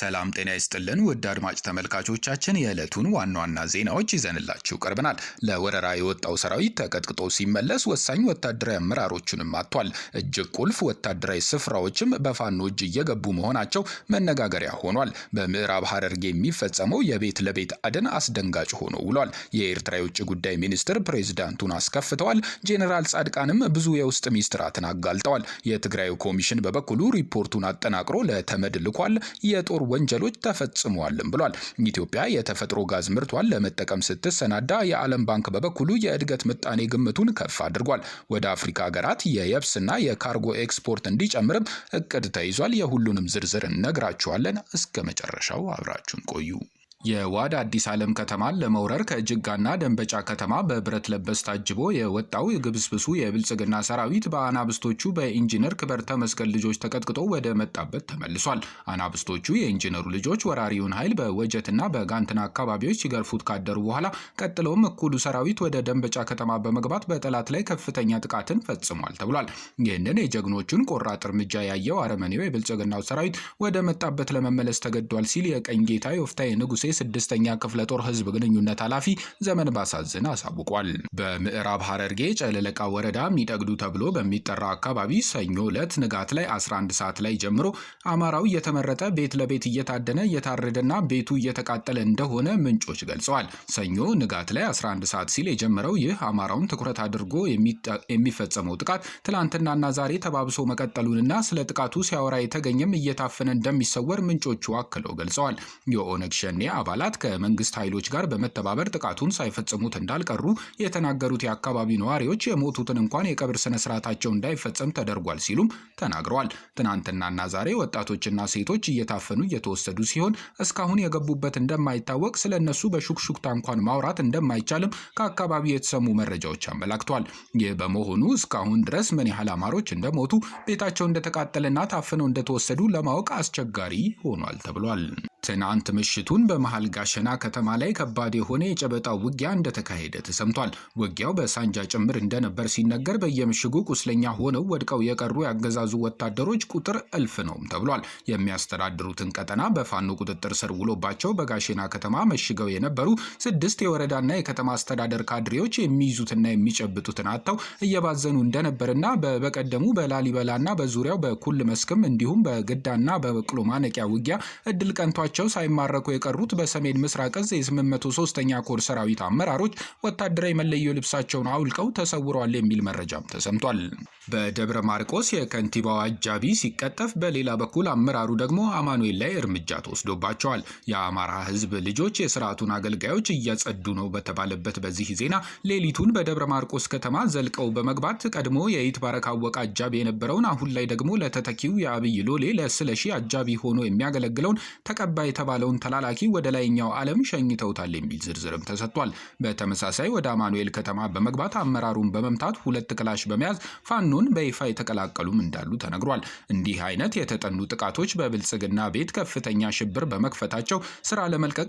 ሰላም ጤና ይስጥልን ውድ አድማጭ ተመልካቾቻችን የዕለቱን ዋና ዋና ዜናዎች ይዘንላችሁ ቀርበናል። ለወረራ የወጣው ሰራዊት ተቀጥቅጦ ሲመለስ ወሳኝ ወታደራዊ አመራሮቹንም አጥቷል። እጅግ ቁልፍ ወታደራዊ ስፍራዎችም በፋኖ እጅ እየገቡ መሆናቸው መነጋገሪያ ሆኗል። በምዕራብ ሐረርጌ የሚፈጸመው የቤት ለቤት አደን አስደንጋጭ ሆኖ ውሏል። የኤርትራ የውጭ ጉዳይ ሚኒስትር ፕሬዚዳንቱን አስከፍተዋል። ጄኔራል ጻድቃንም ብዙ የውስጥ ሚስጥራትን አጋልጠዋል። የትግራዩ ኮሚሽን በበኩሉ ሪፖርቱን አጠናቅሮ ለተመድ ልኳል። የጦር የጦር ወንጀሎች ተፈጽመዋልም ብሏል። ኢትዮጵያ የተፈጥሮ ጋዝ ምርቷን ለመጠቀም ስትሰናዳ የዓለም ባንክ በበኩሉ የእድገት ምጣኔ ግምቱን ከፍ አድርጓል። ወደ አፍሪካ ሀገራት የየብስና የካርጎ ኤክስፖርት እንዲጨምርም እቅድ ተይዟል። የሁሉንም ዝርዝር እነግራችኋለን። እስከ መጨረሻው አብራችሁን ቆዩ። የዋድ አዲስ ዓለም ከተማን ለመውረር ከጅጋና ደንበጫ ከተማ በብረት ለበስ ታጅቦ የወጣው ግብስብሱ የብልጽግና ሰራዊት በአናብስቶቹ በኢንጂነር ክበር ተመስገን ልጆች ተቀጥቅጦ ወደ መጣበት ተመልሷል። አናብስቶቹ የኢንጂነሩ ልጆች ወራሪውን ኃይል በወጀትና በጋንትና አካባቢዎች ሲገርፉት ካደሩ በኋላ ቀጥለውም እኩሉ ሰራዊት ወደ ደንበጫ ከተማ በመግባት በጠላት ላይ ከፍተኛ ጥቃትን ፈጽሟል ተብሏል። ይህንን የጀግኖቹን ቆራጥ እርምጃ ያየው አረመኔው የብልጽግናው ሰራዊት ወደ መጣበት ለመመለስ ተገዷል ሲል የቀኝ ጌታ የወፍታዬ ንጉሴ ስድስተኛ ክፍለ ጦር ህዝብ ግንኙነት ኃላፊ ዘመን ባሳዝን አሳውቋል። በምዕራብ ሐረርጌ ጨለለቃ ወረዳ ሚጠግዱ ተብሎ በሚጠራው አካባቢ ሰኞ ዕለት ንጋት ላይ 11 ሰዓት ላይ ጀምሮ አማራው እየተመረጠ ቤት ለቤት እየታደነ እየታረደና ቤቱ እየተቃጠለ እንደሆነ ምንጮች ገልጸዋል። ሰኞ ንጋት ላይ 11 ሰዓት ሲል የጀመረው ይህ አማራውን ትኩረት አድርጎ የሚፈጸመው ጥቃት ትላንትናና ዛሬ ተባብሶ መቀጠሉንና ስለ ጥቃቱ ሲያወራ የተገኘም እየታፈነ እንደሚሰወር ምንጮቹ አክለው ገልጸዋል። የኦነግ ሸኔ አባላት ከመንግስት ኃይሎች ጋር በመተባበር ጥቃቱን ሳይፈጽሙት እንዳልቀሩ የተናገሩት የአካባቢው ነዋሪዎች የሞቱትን እንኳን የቀብር ስነ ስርዓታቸው እንዳይፈጸም ተደርጓል ሲሉም ተናግረዋል። ትናንትናና ዛሬ ወጣቶችና ሴቶች እየታፈኑ እየተወሰዱ ሲሆን እስካሁን የገቡበት እንደማይታወቅ ስለ እነሱ በሹክሹክታ እንኳን ማውራት እንደማይቻልም ከአካባቢው የተሰሙ መረጃዎች አመላክቷል። ይህ በመሆኑ እስካሁን ድረስ ምን ያህል አማሮች እንደሞቱ ቤታቸው እንደተቃጠለና ታፍነው እንደተወሰዱ ለማወቅ አስቸጋሪ ሆኗል ተብሏል። ትናንት ምሽቱን በመ መሀል ጋሸና ከተማ ላይ ከባድ የሆነ የጨበጣ ውጊያ እንደተካሄደ ተሰምቷል። ውጊያው በሳንጃ ጭምር እንደነበር ሲነገር በየምሽጉ ቁስለኛ ሆነው ወድቀው የቀሩ ያገዛዙ ወታደሮች ቁጥር እልፍ ነውም ተብሏል። የሚያስተዳድሩትን ቀጠና በፋኖ ቁጥጥር ስር ውሎባቸው በጋሸና ከተማ መሽገው የነበሩ ስድስት የወረዳና የከተማ አስተዳደር ካድሬዎች የሚይዙትና የሚጨብጡትን አጥተው እየባዘኑ እንደነበርና በቀደሙ በላሊበላና በዙሪያው በኩል መስክም እንዲሁም በግዳና በበቅሎ ማነቂያ ውጊያ እድል ቀንቷቸው ሳይማረኩ የቀሩት በሰሜን ምስራቅ እዝ የ803ኛ ኮር ሰራዊት አመራሮች ወታደራዊ መለዮ ልብሳቸውን አውልቀው ተሰውረዋል የሚል መረጃም ተሰምቷል። በደብረ ማርቆስ የከንቲባው አጃቢ ሲቀጠፍ፣ በሌላ በኩል አመራሩ ደግሞ አማኑኤል ላይ እርምጃ ተወስዶባቸዋል። የአማራ ህዝብ ልጆች የስርዓቱን አገልጋዮች እያጸዱ ነው በተባለበት በዚህ ዜና ሌሊቱን በደብረ ማርቆስ ከተማ ዘልቀው በመግባት ቀድሞ የይትባረክ አወቀ አጃቢ የነበረውን አሁን ላይ ደግሞ ለተተኪው የአብይ ሎሌ ለስለሺ አጃቢ ሆኖ የሚያገለግለውን ተቀባይ የተባለውን ተላላኪ ወደ ላይኛው ዓለም ሸኝተውታል የሚል ዝርዝርም ተሰጥቷል። በተመሳሳይ ወደ አማኑኤል ከተማ በመግባት አመራሩን በመምታት ሁለት ክላሽ በመያዝ ፋኖን በይፋ የተቀላቀሉም እንዳሉ ተነግሯል። እንዲህ አይነት የተጠኑ ጥቃቶች በብልጽግና ቤት ከፍተኛ ሽብር በመክፈታቸው ስራ ለመልቀቅ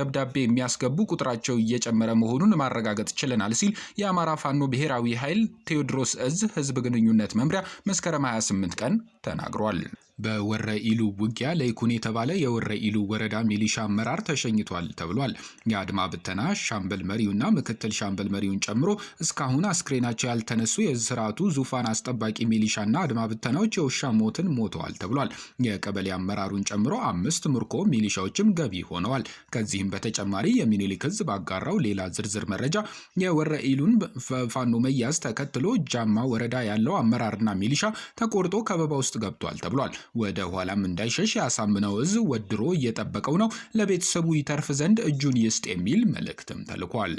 ደብዳቤ የሚያስገቡ ቁጥራቸው እየጨመረ መሆኑን ማረጋገጥ ችለናል ሲል የአማራ ፋኖ ብሔራዊ ኃይል ቴዎድሮስ እዝ ህዝብ ግንኙነት መምሪያ መስከረም 28 ቀን ተናግሯል። በወረ ኢሉ ውጊያ ለይኩን የተባለ የወረ ኢሉ ወረዳ ሚሊሻ አመራር ተሸኝቷል ተብሏል። የአድማ ብተና ሻምበል መሪውና ምክትል ሻምበል መሪውን ጨምሮ እስካሁን አስክሬናቸው ያልተነሱ የስርዓቱ ዙፋን አስጠባቂ ሚሊሻና አድማ ብተናዎች የውሻ ሞትን ሞተዋል ተብሏል። የቀበሌ አመራሩን ጨምሮ አምስት ምርኮ ሚሊሻዎችም ገቢ ሆነዋል። ከዚህም በተጨማሪ የሚኒሊክ ህዝብ ባጋራው ሌላ ዝርዝር መረጃ የወረ ኢሉን ፋኖ መያዝ ተከትሎ ጃማ ወረዳ ያለው አመራርና ሚሊሻ ተቆርጦ ከበባ ውስጥ ገብቷል ተብሏል። ወደ ኋላም እንዳይሸሽ ያሳምነው እዝ ወድሮ እየጠበቀው ነው። ለቤተሰቡ ይተርፍ ዘንድ እጁን ይስጥ የሚል መልእክትም ተልኳል።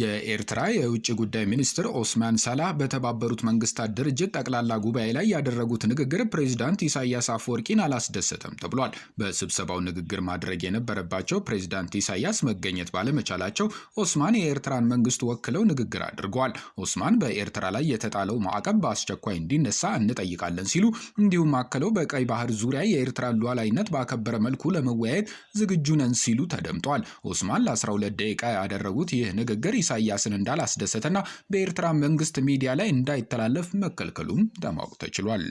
የኤርትራ የውጭ ጉዳይ ሚኒስትር ኦስማን ሰላህ በተባበሩት መንግስታት ድርጅት ጠቅላላ ጉባኤ ላይ ያደረጉት ንግግር ፕሬዚዳንት ኢሳያስ አፈወርቂን አላስደሰተም ተብሏል። በስብሰባው ንግግር ማድረግ የነበረባቸው ፕሬዚዳንት ኢሳያስ መገኘት ባለመቻላቸው ኦስማን የኤርትራን መንግስት ወክለው ንግግር አድርገዋል። ኦስማን በኤርትራ ላይ የተጣለው ማዕቀብ በአስቸኳይ እንዲነሳ እንጠይቃለን ሲሉ እንዲሁም አክለው በቀይ ባህር ዙሪያ የኤርትራን ሉዓላዊነት ባከበረ መልኩ ለመወያየት ዝግጁ ነን ሲሉ ተደምጧል። ኦስማን ለ12 ደቂቃ ያደረጉት ይህ ንግግር ኢሳያስን እንዳላስደሰተና በኤርትራ መንግስት ሚዲያ ላይ እንዳይተላለፍ መከልከሉም ለማወቅ ተችሏል።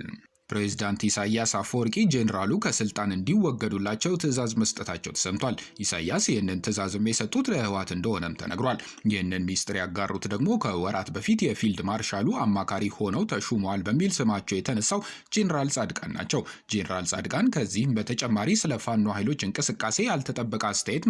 ፕሬዚዳንት ኢሳያስ አፈወርቂ ጄኔራሉ ከስልጣን እንዲወገዱላቸው ትዕዛዝ መስጠታቸው ተሰምቷል። ኢሳያስ ይህንን ትዕዛዝም የሰጡት ለህወሓት እንደሆነም ተነግሯል። ይህንን ሚስጥር ያጋሩት ደግሞ ከወራት በፊት የፊልድ ማርሻሉ አማካሪ ሆነው ተሹመዋል በሚል ስማቸው የተነሳው ጄኔራል ጻድቃን ናቸው። ጄኔራል ጻድቃን ከዚህም በተጨማሪ ስለ ፋኖ ኃይሎች እንቅስቃሴ ያልተጠበቀ አስተያየት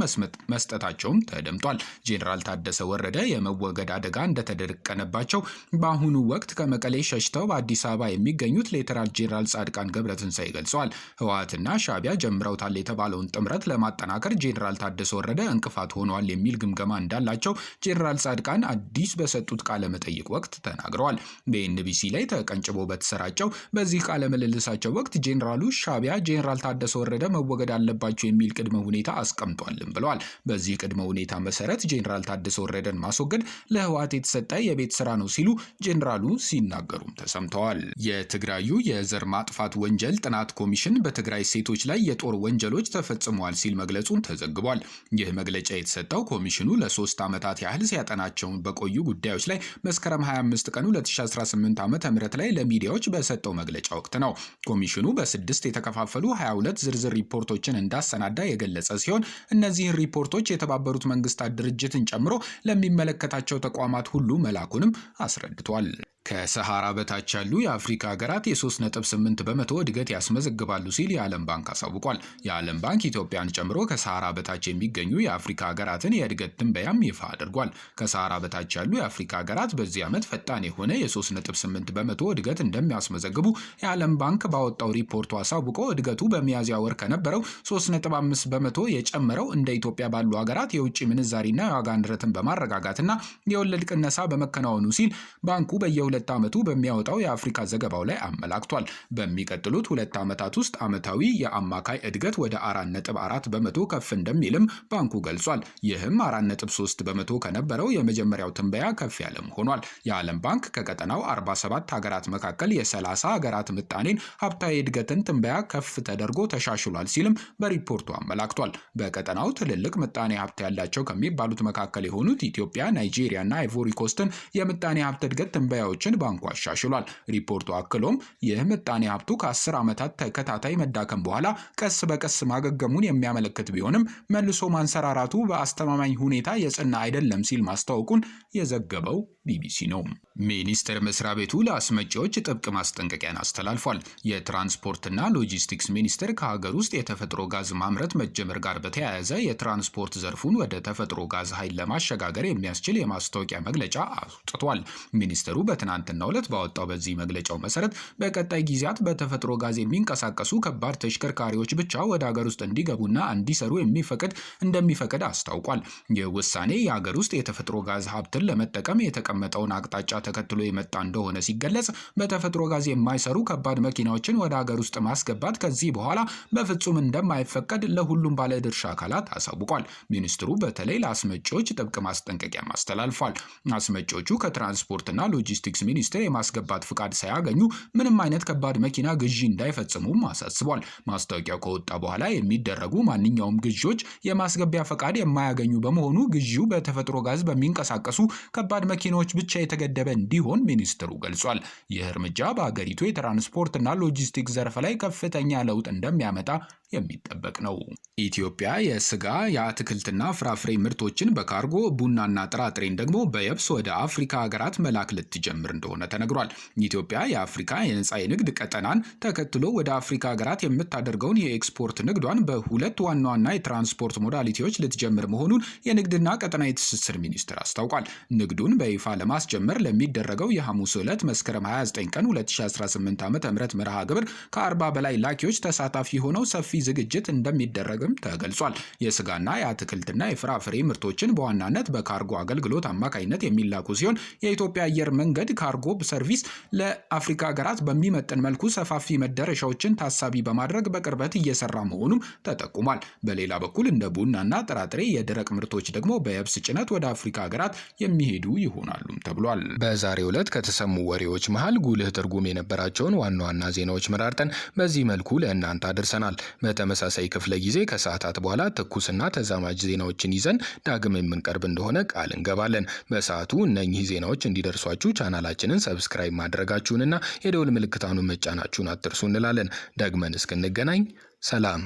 መስጠታቸውም ተደምጧል። ጄኔራል ታደሰ ወረደ የመወገድ አደጋ እንደተደቀነባቸው በአሁኑ ወቅት ከመቀሌ ሸሽተው በአዲስ አበባ የሚገኙት ሌተናል ጄኔራል ጻድቃን ገብረትንሳኤ ገልጸዋል። ህወሓትና ሻዕቢያ ጀምረውታል የተባለውን ጥምረት ለማጠናከር ጄኔራል ታደሰ ወረደ እንቅፋት ሆነዋል የሚል ግምገማ እንዳላቸው ጄኔራል ጻድቃን አዲስ በሰጡት ቃለ መጠይቅ ወቅት ተናግረዋል። በኤንቢሲ ላይ ተቀንጭቦ በተሰራጨው በዚህ ቃለ ምልልሳቸው ወቅት ጄኔራሉ ሻዕቢያ ጄኔራል ታደሰ ወረደ መወገድ አለባቸው የሚል ቅድመ ሁኔታ አስቀምጧልም ብለዋል። በዚህ ቅድመ ሁኔታ መሰረት ጄኔራል ታደሰ ወረደን ማስወገድ ለህወሓት የተሰጠ የቤት ስራ ነው ሲሉ ጄኔራሉ ሲናገሩም ተሰምተዋል። የትግራዩ የዘ ዘር ማጥፋት ወንጀል ጥናት ኮሚሽን በትግራይ ሴቶች ላይ የጦር ወንጀሎች ተፈጽመዋል ሲል መግለጹን ተዘግቧል። ይህ መግለጫ የተሰጠው ኮሚሽኑ ለሶስት ዓመታት ያህል ሲያጠናቸውን በቆዩ ጉዳዮች ላይ መስከረም 25 ቀን 2018 ም ላይ ለሚዲያዎች በሰጠው መግለጫ ወቅት ነው። ኮሚሽኑ በስድስት የተከፋፈሉ 22 ዝርዝር ሪፖርቶችን እንዳሰናዳ የገለጸ ሲሆን እነዚህን ሪፖርቶች የተባበሩት መንግስታት ድርጅትን ጨምሮ ለሚመለከታቸው ተቋማት ሁሉ መላኩንም አስረድቷል። ከሰሃራ በታች ያሉ የአፍሪካ ሀገራት የ3.8 በመቶ እድገት ያስመዘግባሉ ሲል የዓለም ባንክ አሳውቋል። የዓለም ባንክ ኢትዮጵያን ጨምሮ ከሰሃራ በታች የሚገኙ የአፍሪካ ሀገራትን የእድገት ትንበያም ይፋ አድርጓል። ከሰሃራ በታች ያሉ የአፍሪካ ሀገራት በዚህ ዓመት ፈጣን የሆነ የ3.8 በመቶ እድገት እንደሚያስመዘግቡ የዓለም ባንክ ባወጣው ሪፖርቱ አሳውቆ እድገቱ በሚያዝያ ወር ከነበረው 3.5 በመቶ የጨመረው እንደ ኢትዮጵያ ባሉ ሀገራት የውጭ ምንዛሪና የዋጋ ንረትን በማረጋጋትና የወለድ ቅነሳ በመከናወኑ ሲል ባንኩ በየሁለ በየሁለት ዓመቱ በሚያወጣው የአፍሪካ ዘገባው ላይ አመላክቷል። በሚቀጥሉት ሁለት ዓመታት ውስጥ ዓመታዊ የአማካይ እድገት ወደ 4.4 በመቶ ከፍ እንደሚልም ባንኩ ገልጿል። ይህም 4.3 በመቶ ከነበረው የመጀመሪያው ትንበያ ከፍ ያለም ሆኗል። የዓለም ባንክ ከቀጠናው 47 ሀገራት መካከል የ30 ሀገራት ምጣኔን ሀብታዊ እድገትን ትንበያ ከፍ ተደርጎ ተሻሽሏል ሲልም በሪፖርቱ አመላክቷል። በቀጠናው ትልልቅ ምጣኔ ሀብት ያላቸው ከሚባሉት መካከል የሆኑት ኢትዮጵያ፣ ናይጄሪያ እና አይቮሪ ኮስትን የምጣኔ ሀብት እድገት ትንበያዎች መረጃዎችን ባንኩ አሻሽሏል። ሪፖርቱ አክሎም ይህ ምጣኔ ሀብቱ ከአስር ዓመታት ተከታታይ መዳከም በኋላ ቀስ በቀስ ማገገሙን የሚያመለክት ቢሆንም መልሶ ማንሰራራቱ በአስተማማኝ ሁኔታ የጽና አይደለም ሲል ማስታወቁን የዘገበው ቢቢሲ ነው። ሚኒስቴር መስሪያ ቤቱ ለአስመጪዎች ጥብቅ ማስጠንቀቂያን አስተላልፏል። የትራንስፖርትና ሎጂስቲክስ ሚኒስቴር ከሀገር ውስጥ የተፈጥሮ ጋዝ ማምረት መጀመር ጋር በተያያዘ የትራንስፖርት ዘርፉን ወደ ተፈጥሮ ጋዝ ኃይል ለማሸጋገር የሚያስችል የማስታወቂያ መግለጫ አውጥቷል። ሚኒስቴሩ በትናንትናው ዕለት ባወጣው በዚህ መግለጫው መሰረት በቀጣይ ጊዜያት በተፈጥሮ ጋዝ የሚንቀሳቀሱ ከባድ ተሽከርካሪዎች ብቻ ወደ ሀገር ውስጥ እንዲገቡና እንዲሰሩ የሚፈቅድ እንደሚፈቅድ አስታውቋል። ይህ ውሳኔ የሀገር ውስጥ የተፈጥሮ ጋዝ ሀብትን ለመጠቀም የተቀ የተቀመጠውን አቅጣጫ ተከትሎ የመጣ እንደሆነ ሲገለጽ በተፈጥሮ ጋዝ የማይሰሩ ከባድ መኪናዎችን ወደ ሀገር ውስጥ ማስገባት ከዚህ በኋላ በፍጹም እንደማይፈቀድ ለሁሉም ባለድርሻ አካላት አሳውቋል። ሚኒስትሩ በተለይ ለአስመጪዎች ጥብቅ ማስጠንቀቂያም አስተላልፏል። አስመጪዎቹ ከትራንስፖርትና ሎጂስቲክስ ሚኒስቴር የማስገባት ፍቃድ ሳያገኙ ምንም አይነት ከባድ መኪና ግዢ እንዳይፈጽሙም አሳስቧል። ማስታወቂያው ከወጣ በኋላ የሚደረጉ ማንኛውም ግዢዎች የማስገቢያ ፈቃድ የማያገኙ በመሆኑ ግዢው በተፈጥሮ ጋዝ በሚንቀሳቀሱ ከባድ መኪናዎች ሰዎች ብቻ የተገደበ እንዲሆን ሚኒስትሩ ገልጿል። ይህ እርምጃ በሀገሪቱ የትራንስፖርትና ሎጂስቲክስ ዘርፍ ላይ ከፍተኛ ለውጥ እንደሚያመጣ የሚጠበቅ ነው። ኢትዮጵያ የስጋ የአትክልትና ፍራፍሬ ምርቶችን በካርጎ ቡናና ጥራጥሬን ደግሞ በየብስ ወደ አፍሪካ ሀገራት መላክ ልትጀምር እንደሆነ ተነግሯል። ኢትዮጵያ የአፍሪካ የነጻ የንግድ ቀጠናን ተከትሎ ወደ አፍሪካ ሀገራት የምታደርገውን የኤክስፖርት ንግዷን በሁለት ዋና ዋና የትራንስፖርት ሞዳሊቲዎች ልትጀምር መሆኑን የንግድና ቀጠናዊ ትስስር ሚኒስቴር አስታውቋል። ንግዱን በይፋ ለማስጀመር ለሚደረገው የሐሙስ ዕለት መስከረም 29 ቀን 2018 ዓ ም መርሃ ግብር ከ40 በላይ ላኪዎች ተሳታፊ ሆነው ሰፊ ሰፊ ዝግጅት እንደሚደረግም ተገልጿል። የስጋና የአትክልትና የፍራፍሬ ምርቶችን በዋናነት በካርጎ አገልግሎት አማካኝነት የሚላኩ ሲሆን የኢትዮጵያ አየር መንገድ ካርጎ ሰርቪስ ለአፍሪካ ሀገራት በሚመጥን መልኩ ሰፋፊ መዳረሻዎችን ታሳቢ በማድረግ በቅርበት እየሰራ መሆኑም ተጠቁሟል። በሌላ በኩል እንደ ቡናና ጥራጥሬ የደረቅ ምርቶች ደግሞ በየብስ ጭነት ወደ አፍሪካ ሀገራት የሚሄዱ ይሆናሉም ተብሏል። በዛሬው ዕለት ከተሰሙ ወሬዎች መሃል ጉልህ ትርጉም የነበራቸውን ዋና ዋና ዜናዎች መራርጠን በዚህ መልኩ ለእናንተ አድርሰናል። በተመሳሳይ ክፍለ ጊዜ ከሰዓታት በኋላ ትኩስና ተዛማጅ ዜናዎችን ይዘን ዳግም የምንቀርብ እንደሆነ ቃል እንገባለን። በሰዓቱ እነኚህ ዜናዎች እንዲደርሷችሁ ቻናላችንን ሰብስክራይብ ማድረጋችሁንና የደውል ምልክታኑን መጫናችሁን አትርሱ እንላለን። ደግመን እስክንገናኝ ሰላም።